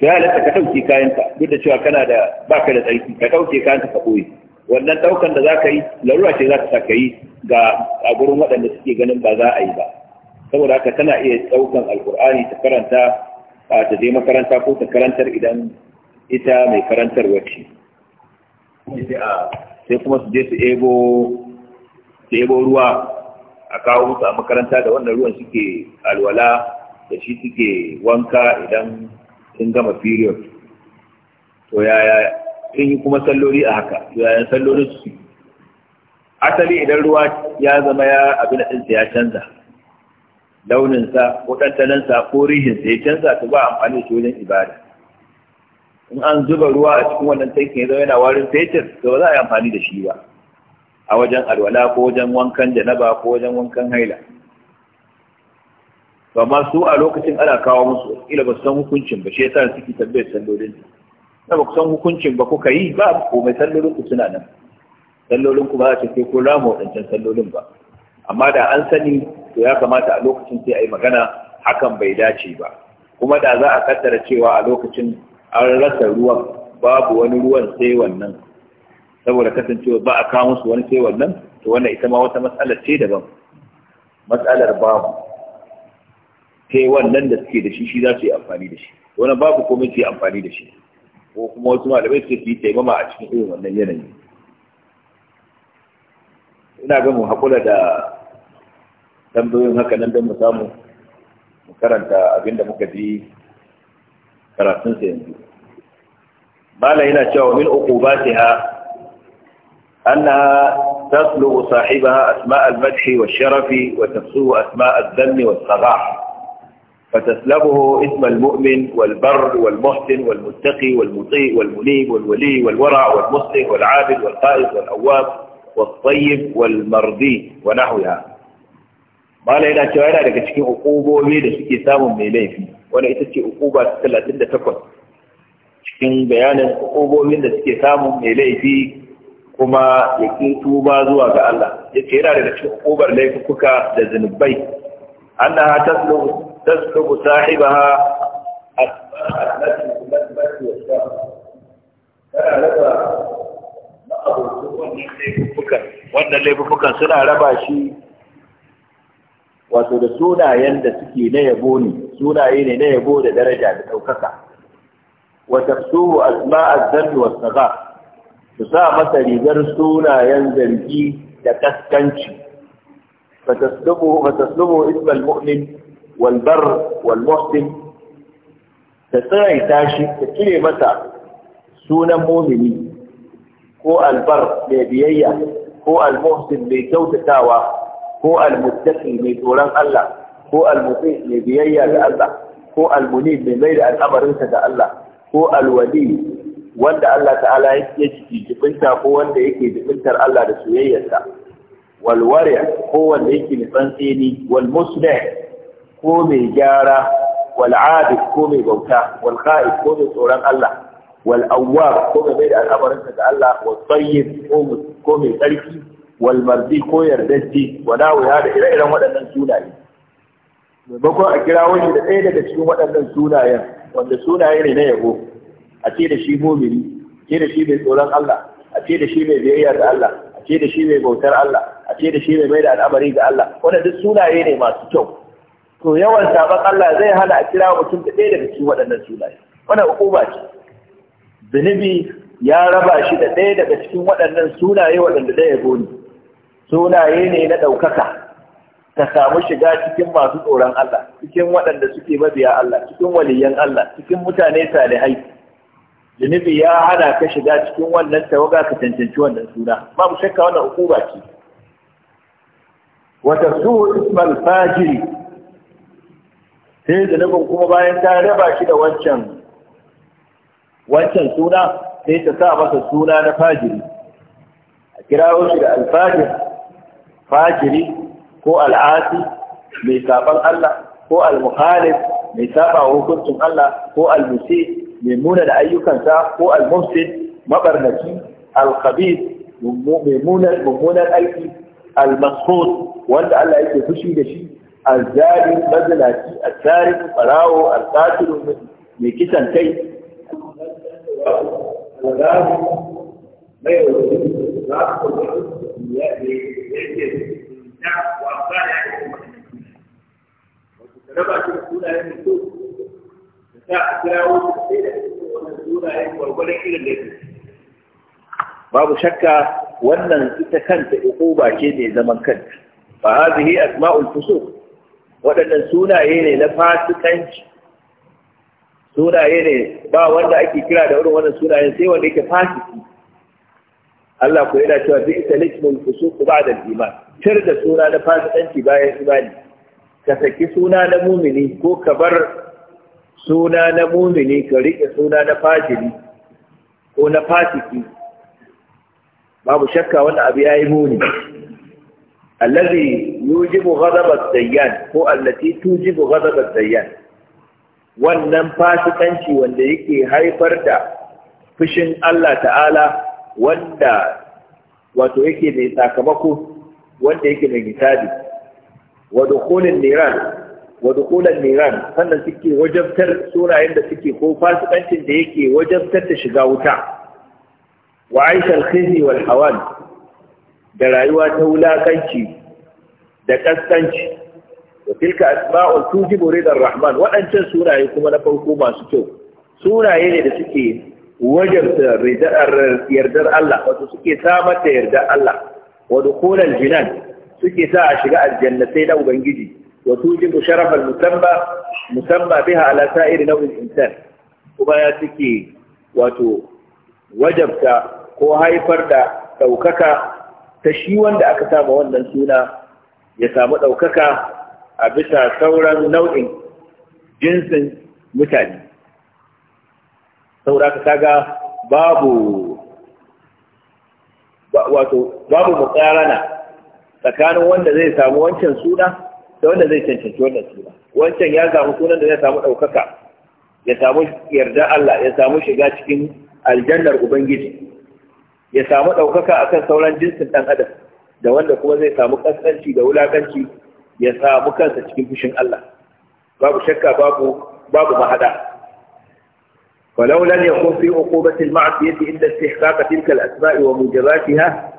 ka halatta ka ɗauke kayanka duk da cewa kana da baka da tsarki ka ɗauke kayanka ka ɓoye wannan ɗaukan da za ka yi larura ce za ka sa ka yi ga a gurin waɗanda suke ganin ba za a yi ba saboda haka tana iya ɗaukan alkur'ani ta karanta a ta je makaranta ko ta karantar idan ita mai karantar wacce sai kuma su je su ebo ruwa a kawo musu a makaranta da wannan ruwan suke alwala da shi suke wanka idan sun gama period to yaya sun yi kuma salloli a haka to yayan sallolin su asali idan ruwa ya zama ya abin da ya canza launinsa ko ɗantanansa ko rihinsa ya canza ta ba amfani shi wajen ibada in an zuba ruwa a cikin wannan tankin ya zama yana warin fetur to ba za a yi amfani da shi ba a wajen alwala ko wajen wankan janaba ko wajen wankan haila to amma su a lokacin ana kawo musu kila ba su san hukuncin ba shi yasa suke tambayar sallolin na ba ku san hukuncin ba kuka yi ba ko mai sallolin ku suna nan sallolin ku ba za ta ce ko ramu wadancan sallolin ba amma da an sani to ya kamata a lokacin sai a yi magana hakan bai dace ba kuma da za a kaddara cewa a lokacin an rasa ruwan babu wani ruwan sai wannan saboda kasancewa ba a kawo musu wani sai wannan to wannan ita ma wata matsalar ce daban matsalar babu sai wannan da suke da shi shi za su yi amfani da shi wannan babu komai su yi amfani da shi ko kuma wasu malamai suke su yi taimama a cikin irin wannan yanayi ina ga mu haƙura da tambayoyin haka nan don mu samu mu karanta abin da muka ji karatunsa yanzu malam yana cewa min uqubatiha annaha تطلب صاحبها أسماء المدح والشرف وتفسوه أسماء الذم والصباح فتسلبه اسم المؤمن والبر والمحسن والمتقي والمطيء والمنيب والولي والورع والمصلح والعابد والقائد والأواب والطيب والمرضي ونحوها mala yana cewa yana daga cikin ukubobi da suke samun mai laifi wanda ita ce ukuba talatin da takwas cikin bayanin ukubobin da suke samun mai laifi kuma ya ƙi tuba zuwa ga Allah ya ce yana daga cikin ukubar laifuka da zunubai raba taslubu taslubu sahibaha wannan laifukan suna raba shi wato da sunayen da suke na yabo ne sunaye ne na yabo da daraja da ɗaukaka wa tafsuhu asma'a dhanbi was saghar su sa masa rigar sunayen zargi da kaskanci fataslubu fataslubu ismal mu'min Walbar bar ta shi ta cire masa sunan mumini ko albar mai biyayya ko almuhsin mai kyautatawa ko almuttaqi mai tsoron Allah ko almuti mai biyayya ga Allah ko almuni mai mai da al'amarinsa ga Allah ko alwali wanda Allah ta'ala ya jibinta ko wanda yake jibintar Allah da soyayyarsa walwari ko wanda yake tsantseni tsini walmusne ko mai gyara wal'abid ko mai bauta walqa'id ko mai tsoron Allah wal'awwab ko mai da al'amarinsa ga Allah wal tsayyib ko mai tsarki wal mardi ko yardajji wa wuya da ire-iren waɗannan sunaye maimakon a kira wani da ɗaya daga cikin waɗannan sunayen wanda sunaye ne na yabo a ce da shi mumini a ce da shi mai tsoron Allah a ce da shi mai biyayya ga Allah a ce da shi mai bautar Allah a ce da shi mai mai da al'amari ga Allah wanda duk sunaye ne masu kyau to yawan sabon Allah zai hana a kira mutum da ɗaya daga cikin waɗannan sunaye wannan hukuma ce zunubi ya raba shi da ɗaya daga cikin waɗannan sunaye waɗanda ɗaya yabo ne sunaye ne na ɗaukaka ka samu shiga cikin masu tsoron Allah cikin waɗanda suke mabiya Allah cikin waliyan Allah cikin mutane salihai zunubi ya hana ka shiga cikin wannan tawaga ka cancanci wannan suna Ba mu shakka wannan ba ce wata su ismal fajiri sai zunubin kuma bayan ta raba shi da wancan wancan suna sai ta sa masa suna na fajiri a kira shi da alfajiri fajiri ko al'asi mai saban Allah ko al-mukhalif mai saba hukuncin Allah ko al-musi mai muna da ayyukansa ko al-mufsid mabarnaci al-khabith mummunan mummunan aiki al-maskhut wanda Allah yake fushi da shi al-zalim mazalaci al-tarif barawo al-qatil mai kisan kai mai wani za ku da yake kunta wa da kuma raba shi da da sai da gwargwadon irin da yake babu shakka wannan ita kanta ukuba ce ne zaman kanta fa hadhihi asma'ul fusuq waɗannan sunaye ne na fasikanci sunaye ne ba wanda ake kira da irin wannan sunayen sai wanda yake fasiki Allah ku yana cewa bi talikmul ku ba da iman tar da suna na fasikanci bayan imani ka saki suna na mumini ko ka bar suna na mumini ka rike suna na fajiri ko na fasiki babu shakka wani abu yayi muni allazi yujibu ghadab dayyan ko allati tujibu ghadab dayyan wannan fasikanci wanda yake haifar da fushin Allah ta'ala wanda wato yake mai sakamako wanda yake mai misali wa dukhulin niran niran sannan suke wajabtar surayen da suke ko fasikancin da yake wajabtar da shiga wuta wa aisha khizi wal hawan da rayuwa ta wulakanci da kaskanci wa tilka Asma'ul, tujibu ridar rahman waɗancan suraye kuma na farko masu kyau suraye ne da suke wajabta yardar Allah wato suke samar da yardar Allah wato dukhulal jinan suke sa a shiga aljanna sai na ubangiji wa tujibu sharafal musamma musamma biha ala sa'iri nawil insan kuma ya suke wato wajabta ko haifar da ɗaukaka ta shi wanda aka saba wannan suna ya samu ɗaukaka a bisa sauran nau'in jinsin mutane saboda ka kaga babu wato babu na tsakanin wanda zai samu wancan suna da wanda zai cancanci wannan suna wancan ya samu sunan da zai samu ɗaukaka ya samu yarda Allah ya samu shiga cikin aljannar ubangiji ya samu ɗaukaka akan sauran jinsin ɗan adam da wanda kuma zai samu ƙasƙanci da wulaƙanci ya samu kansa cikin fushin Allah babu shakka babu babu mahada فلو لم يكن في عقوبة المعصية إلا استحقاق تلك الأسماء وموجباتها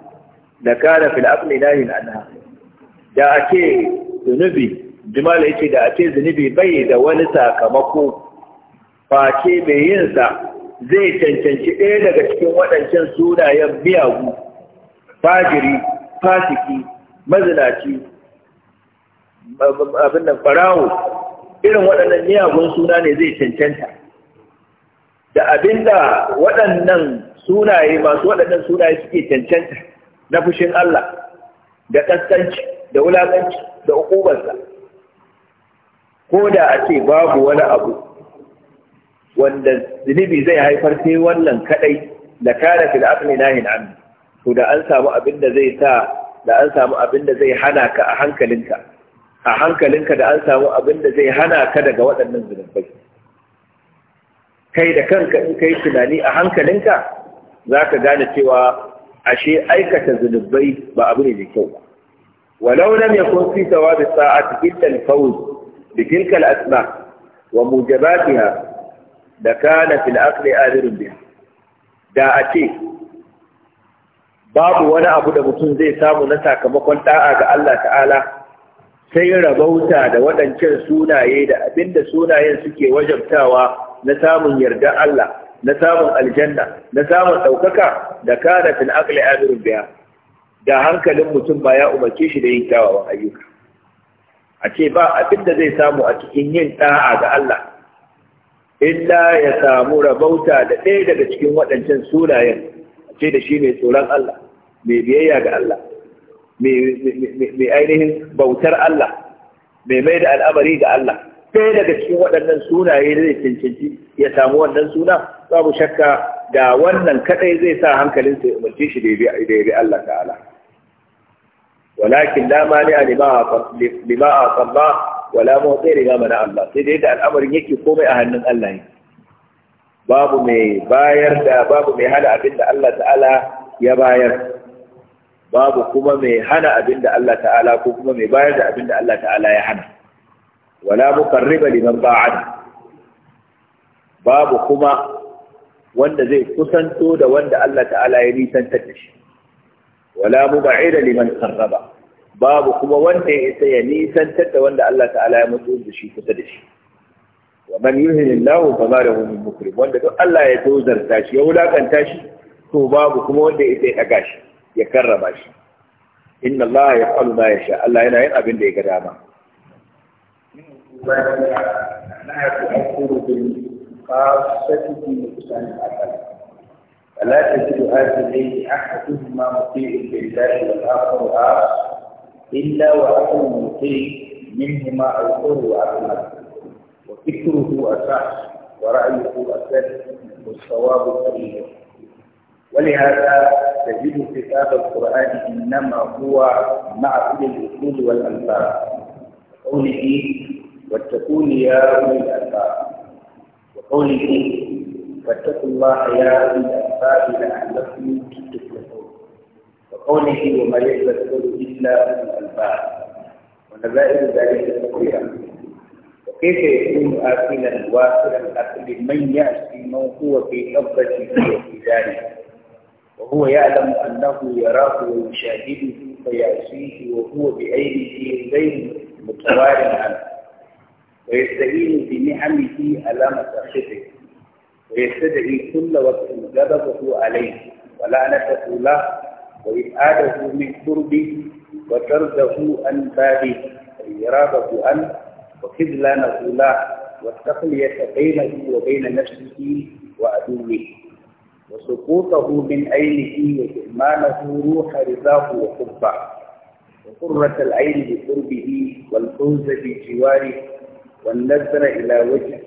لكان في العقل ناهي عنها da a ce zunubi jimala yake da a ce zunubi bai da wani sakamako face mai yinsa zai cancanci ɗaya daga cikin waɗancan sunayen miyagu fajiri fasiki mazinaci abin nan farawo irin waɗannan miyagun suna ne zai cancanta da abinda waɗannan sunaye masu waɗannan sunaye suke cancanta na fushin Allah da ƙasƙanci, da wulaƙanci, da hukubarsa ko da a ce babu wani abu wanda zunubi zai haifar sai wannan kaɗai, da kana fil aqli nahin an to da an samu abin da zai sa da an samu abin da zai hana ka a hankalinka a hankalinka da an samu abin da zai hana ka daga waɗannan zunubai kai da kanka in kai tunani a hankalinka za ka gane cewa ashe aikata zunubai ba abu ne da kyau ba walau lam yakun fi thawabi sa'ati illa al-fawz bi tilka al-asma wa mujabatiha da kana fil aqli adirun biha da ake babu wani abu da mutum zai samu na sakamakon da'a ga Allah ta'ala sai rabauta da waɗancan sunaye da abinda sunayen suke wajabtawa na samun yarda Allah na samun aljanna na samun ɗaukaka da kana fil aqli amirun biha da hankalin mutum ba ya umarce shi da yin kyawawan ayyuka a ce ba abin da zai samu a cikin yin ɗa'a ga Allah illa ya samu rabauta da ɗaya daga cikin waɗancan sunayen a ce da shi mai tsoron Allah mai biyayya ga Allah mai ainihin bautar Allah mai mai da al'amari ga Allah ɗaya daga cikin waɗannan sunaye zai cancanci ya samu wannan suna babu shakka da wannan kaɗai zai sa hankalinsa sai umarci shi da ya bi Allah ta'ala walakin ma mani a lima a sabba wala motsi riga mana Allah sai dai da al'amarin yake komai a hannun Allah ne babu mai bayar da babu mai hana abin da Allah ta'ala ya bayar babu kuma mai hana abin da Allah ta'ala ko kuma mai bayar da abin da Allah ta'ala ya hana wala muqarriba liman ba'ad babu kuma wanda zai kusanto da wanda Allah ta'ala ya nisantar da shi wala muba'ida liman qarraba babu kuma wanda ya isa ya nisantar da wanda Allah ta'ala ya mutu da shi kusa da shi wa man yuhinillahu fama lahu min mukrim wanda duk Allah ya tozarta shi ya wulakanta shi to babu kuma wanda ya isa ya daga shi ya karrama shi inna Allah yaf'alu ma yasha Allah yana yin abin da ya ga dama وأنها تؤثر بالخاصة في نقصان العقل فلا تجد هذه أحدهما مطيع لله والآخر عاص إلا وأقل مطيع منهما الحر أكمل وفكره أصح ورأيه أسد والصواب قليل ولهذا تجد كتاب القرآن إنما هو مع كل الأصول والأنصار قوله واتقون يا أولي الألباب وقوله واتقوا الله يا أولي الألباب لعلكم تفلحون وقوله وما يذكر إلا أولي الألباب ونبائل ذلك تقويا وكيف يكون آكلا واكلا لكل من يأتي من هو في قبضته وفي ذلك وهو يعلم أنه يراه ويشاهده فيأسيه وهو بعينه غير متوار عنه ويستعين بنعمه على مساخطه ويستدعي كل وقت غضبه عليه ولعنته له وإبعاده من قربه وطرده عن بابه وإرابه عنه وخذلانه له والتقلية بينه وبين نفسه وعدوه وسقوطه من عينه وجمانه روح رضاه وحبه وقرة العين بقربه والفوز بجواره والنظر إلى وجهه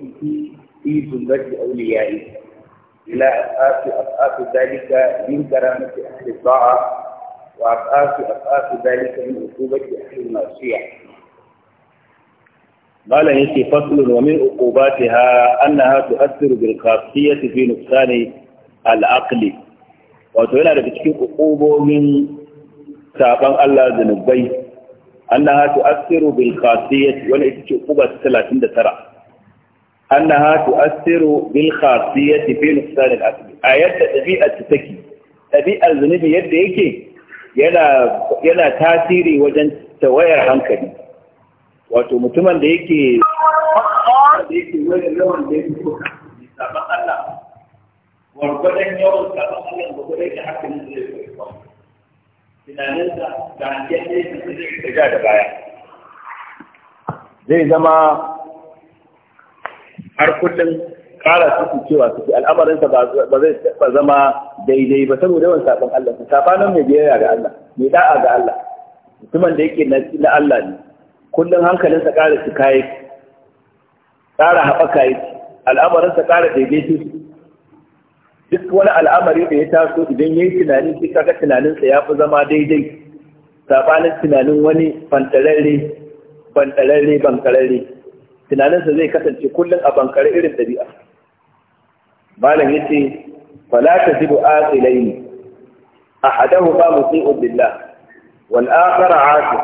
في جملة أوليائه إلى أساس أساس ذلك من كرامة أهل الطاعة وأساس أساس ذلك من عقوبة أهل المعصية قال يأتي فصل ومن عقوباتها أنها تؤثر بالخاصية في نقصان العقل وتولى لك عقوبة من saban الله zunubai أنها تؤثر بالخاصية ولا تشوفها 39 أنها تؤثر بالخاصية في نقصان العقل آيات طبيعة تكي طبيعة الذنب يد يكي yana yana tasiri wajen tawayar hankali wato mutumin da yake da yawan Allah tunaninsa da hangen nesa zai ja da baya zai zama har kullum ƙara su cewa su al'amarinsa ba zai zama daidai ba saboda yawan saɓon Allah su saɓanin mai biyayya ga Allah mai da'a ga Allah mutumin da yake na Allah ne kullum hankalinsa ƙara su kayi ƙara haɓaka yake al'amarinsa ƙara daidaitu duk wani al'amari da ya taso idan ya yi tunani sai kaga tunaninsa ya fi zama daidai sabanin tunanin wani fantararre fantararre bankararre tunaninsa zai kasance kullum a bankare irin ɗabi'a malam yace fala tazidu asilaini أحدهما مسيء بالله والآخر عاكف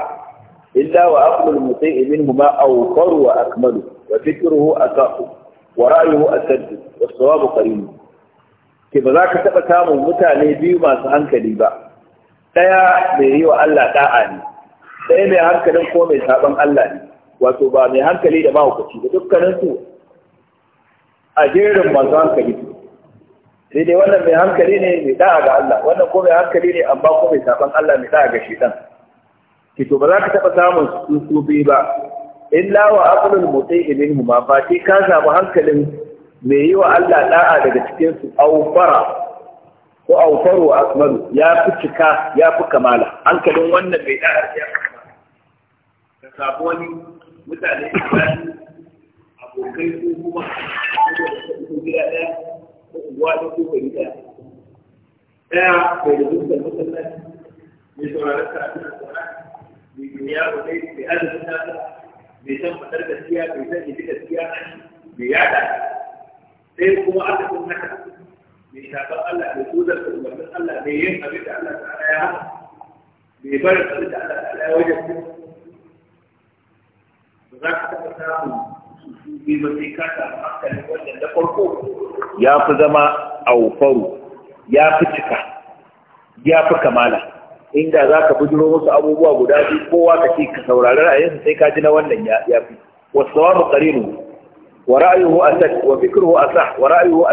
إلا وأقل المسيء منهما أوفر وأكمل وفكره أكاف ورأيه أسد والصواب قريب ke ba za ka taɓa samun mutane biyu masu hankali ba ɗaya mai yi wa Allah ɗa'a ne ɗaya mai hankalin ko mai saɓon Allah ne wato ba mai hankali da mahaukaci da dukkaninsu a jerin masu hankali sai dai wannan mai hankali ne mai ɗa'a ga Allah wannan ko mai hankali ne amma ko mai saban Allah mai ɗa'a ga shaitan ki to ba za ka taɓa samun su su bi ba illa wa aqlul muti'i minhu ma fa ki ka samu hankalin mai yi wa Allah da'a daga cikinsu, su aufara ko aufaru akmalu ya fi cika ya fi kamala hankalin wannan mai da'a ya fi kamala ka samu ni, mutane abokai ko kuma ko gida ɗaya ko unguwa da ko gari ɗaya ɗaya mai da dukkan masallaci mai sauraron karatu da sauraron mai duniya ko dai mai arzikin tasa, mai san faɗar gaskiya mai san ita gaskiya mai yada sai kuma aka haka mai shafar Allah da tuzar da umarnin Allah mai yin abin da Allah ta ala ya haka mai bar abin da Allah ta ala ya wajen ba za ka taɓa samun bi ba sai ka samu hankali wannan da farko ya fi zama a aufaru ya fi cika ya fi kamala inda za ka bujiro musu abubuwa guda biyu kowa ka ce ka saurari ra'ayinsa sai ka ji na wannan ya fi wasu sawamu karinu wa ra'ayuhu asad wa fikruhu asah wa ra'ayuhu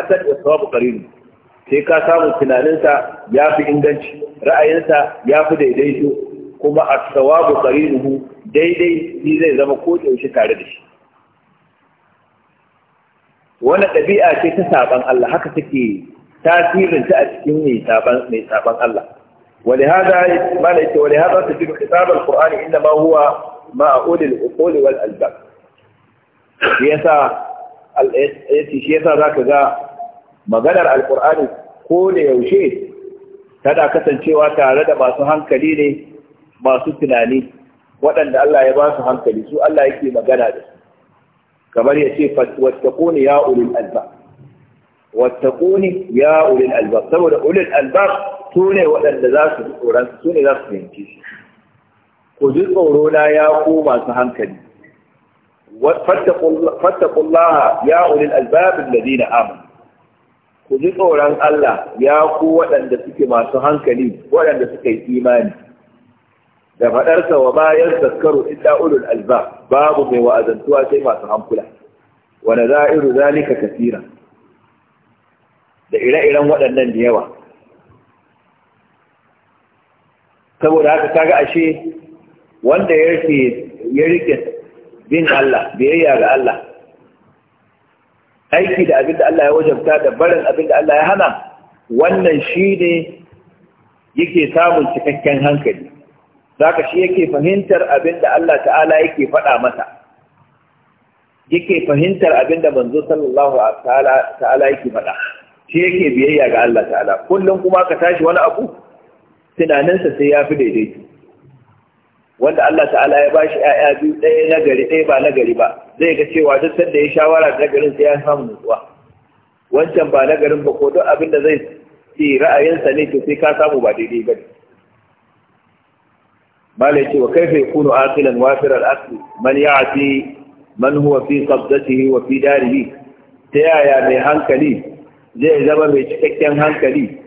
sai ka samu tunaninsa ya fi inganci ra'ayinsa ya fi daidaito kuma as-sawabu qarinuhu daidai ni zai zama ko yaushe tare da shi wani ɗabi'a ce ta saban Allah haka take tasirin ta a cikin mai saban mai saban Allah Wani hada malai ce wali hada ta jibu kitab al-qur'ani inna ma huwa ma aqul al-uqul wal albab shi yasa za ka ga maganar alqur'ani ko da yaushe tana kasancewa tare da masu hankali ne masu tunani waɗanda Allah ya ba su hankali su Allah yake magana da su kamar ya ce wattaquni ya ulul albab wattakuni ya ulul albab saboda ulul albab su ne waɗanda za su tsoron su ne za su fahimci shi ku ji tsoro na ya ko masu hankali فاتقوا الله يا أولي الألباب الذين آمنوا ku ji tsoron Allah ya ku waɗanda suke masu hankali waɗanda suka yi imani da faɗarsa wa bayan zaskaru illa ulul alba babu mai wa'azantuwa sai masu hankula wa nazairu zalika kasira da ire-iren waɗannan da yawa saboda haka kaga ashe wanda ya rike bin Allah biyayya ga Allah aiki da abin da Allah ya wajabta da barin abin da Allah ya hana wannan shi ne yake samun cikakken hankali zaka shi yake fahimtar abin da Allah ta'ala yake faɗa masa yake fahimtar abin da manzo sallallahu ta'ala yake faɗa shi yake biyayya ga Allah ta'ala kullum kuma ka tashi wani abu tunaninsa sai ya fi daidaito wanda Allah ta'ala ya bashi ‘ya'ya biyu ɗaya na gari ɗaya ba na gari ba zai ga cewa duk sanda ya shawara da garin sai ya samu nutsuwa wancan ba na garin ba ko duk abin da zai ci ra'ayinsa ne to sai ka samu ba daidai ba ne malai ce wa kaifa yakunu aqilan wafir al-aql man ya'ti man huwa fi qabdatihi wa fi darihi ta yaya mai hankali zai zama mai cikakken hankali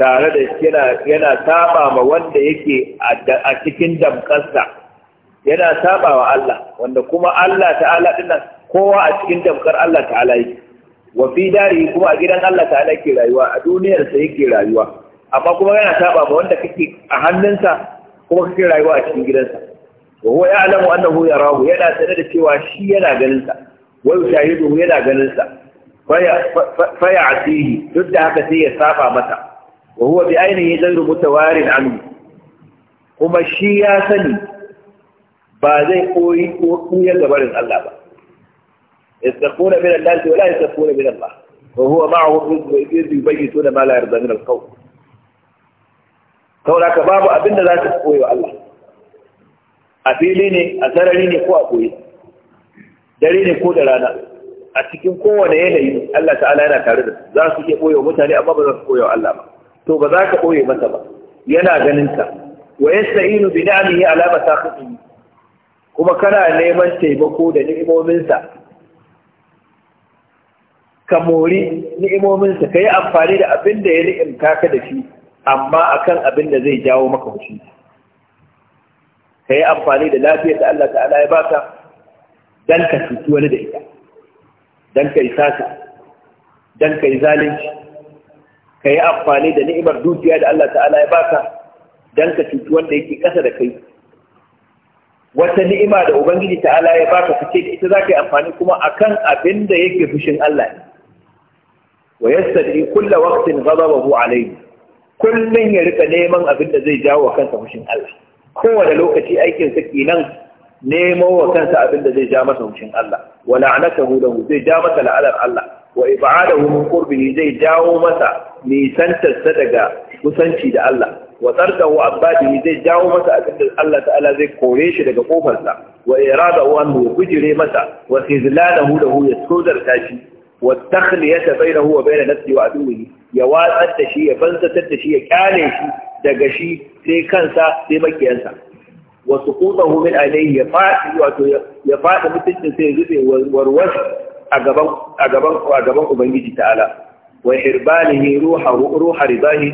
tare da yana yana saba ma wanda yake a cikin damkarsa yana saba wa Allah wanda kuma Allah ta'ala dinnan kowa a cikin damkar Allah ta'ala yake wa fi dari kuma a gidan Allah ta'ala yake rayuwa a duniyarsa yake rayuwa amma kuma yana saba ma wanda kake a hannunsa kuma kake rayuwa a cikin gidansa wa huwa ya'lamu annahu yarahu yana sanar da cewa shi yana ganin sa wa yushahidu yana ganin sa fa ya'tihi duk da haka sai ya saba mata wa huwa bi ainihi ghayru mutawarin anhu kuma shi ya sani ba zai koyi ko kuyar gabarin Allah ba يستخفون min Allah wa huwa ma'ahu bi وهو معهم da ma la yarda min al-qawl to ka babu abinda da za wa koyo Allah a fili ne a sarari ne ko a koyi dare ne ko da rana a cikin kowane yanayi Allah ta'ala yana tare da su za su iya koyo mutane amma ba za su koyo Allah ba to ba za ka ɓoye masa ba yana ganin ka wa yasta'inu bi ni'amihi ala masakhatihi kuma kana neman taimako da ni'imominsa ka mori ni'imominsa ka yi amfani da abin da ya ni'imta ka da shi amma akan abin da zai jawo maka hushi ka yi amfani da lafiyar da Allah ta'ala ya baka dan ka cuci wani da ita dan ka yi sasa dan ka yi zalunci ka yi amfani da ni'imar dukiya da Allah ta'ala ya baka don ka cuci wanda yake ƙasa da kai wata ni'ima da ubangiji ta'ala ya baka ka ce da ita za ka yi amfani kuma akan abin da yake fushin Allah ne wa yastadi kulla waqtin ghadabahu alayhi kullun ya rika neman abin da zai jawo kansa fushin Allah kowane lokaci aikin sa kenan nemo wa kansa abin da zai ja masa fushin Allah wa la'natahu lahu zai ja masa la'anar Allah wa ibadahu min qurbihi zai jawo masa nisantarsa daga kusanci da Allah wa tsardahu abadihi zai jawo masa abin da Allah ta'ala zai kore shi daga kofarsa wa iradahu anhu kujire masa wa khizlanahu lahu ya sodarta shi wa takhliyata bainahu wa bain nafsihi wa aduwwihi ya watsar da shi ya banzatar da shi ya kyale shi daga shi sai kansa sai makiyansa wa suqutahu min alayhi ya fadi wato ya fadi mutuncin sai ya zube warwas a gaban a gaban ubangiji ta'ala wa hirbalihi ruha ruha ribahi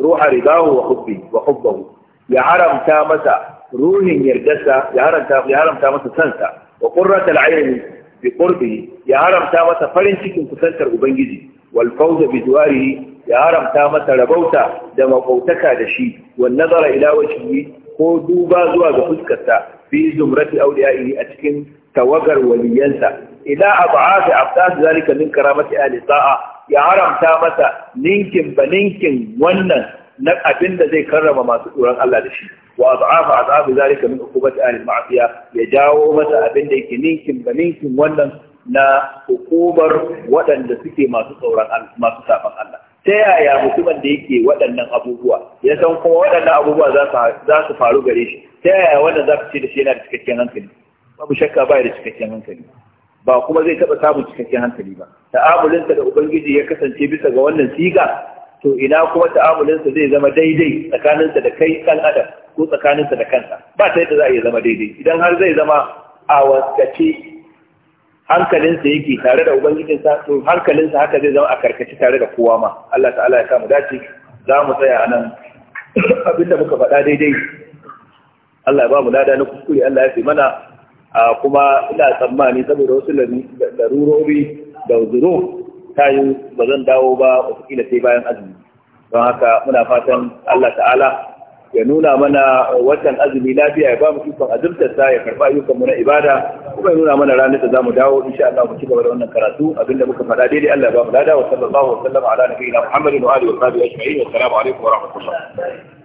ruha ribahu wa hubbi wa hubbahu ya haramta masa ruhin yardarsa ya haramta ya haramta masa sansa wa qurratul ayni bi qurbihi ya haramta masa farin cikin kusantar ubangiji wal fawza bi duwarihi ya haramta masa rabauta da makautaka da shi wal nazara ila wajhihi ko duba zuwa ga fuskarsa fi zumrati awliyaihi a cikin tawagar waliyansa ila ab'afi abdas zalika min karamati ahli sa'a ya haramta masa ninkin ba ninkin wannan na abin da zai karrama masu tsoron Allah da shi wa az'afa az'afu zalika min uqubati ahli ma'siya ya jawo masa abin da yake ninkin ba ninkin wannan na hukumar waɗanda suke masu tsoron masu saban Allah ta yaya mutumin da yake waɗannan abubuwa ya san kuma waɗannan abubuwa za su faru gare shi ta yaya wannan za ka ce da shi yana da cikakken hankali babu shakka ba da cikakken hankali ba kuma zai taɓa samun cikakken hankali ba ta'amulinsa da ubangiji ya kasance bisa ga wannan siga to ina kuma ta'amulinsa zai zama daidai tsakaninsa da kai kan adam ko tsakaninsa da kansa ba ta yadda za a iya zama daidai idan har zai zama a waskace hankalinsa yake tare da ubangijinsa to hankalinsa haka zai zama a karkace tare da kowa ma Allah ta'ala ya samu dace za mu tsaya a nan abinda muka faɗa daidai Allah ya ba mu lada na kuskure Allah ya fi mana kuma ina tsammani saboda wasu larurori da uzuro ta yi ba zan dawo ba watakila sai bayan azumi don haka muna fatan Allah ta'ala ya nuna mana watan azumi lafiya ya ba mu ikon azumtarsa ya karɓa ayyukan mu na ibada kuma ya nuna mana ranar da za mu dawo insha Allah mu ci gaba da wannan karatu abinda muka faɗa daidai Allah ya ba mu lada wa sallallahu alaihi wa sallam ala nabiyina Muhammadin wa alihi wa sahbihi ajma'in wa assalamu alaikum wa rahmatullah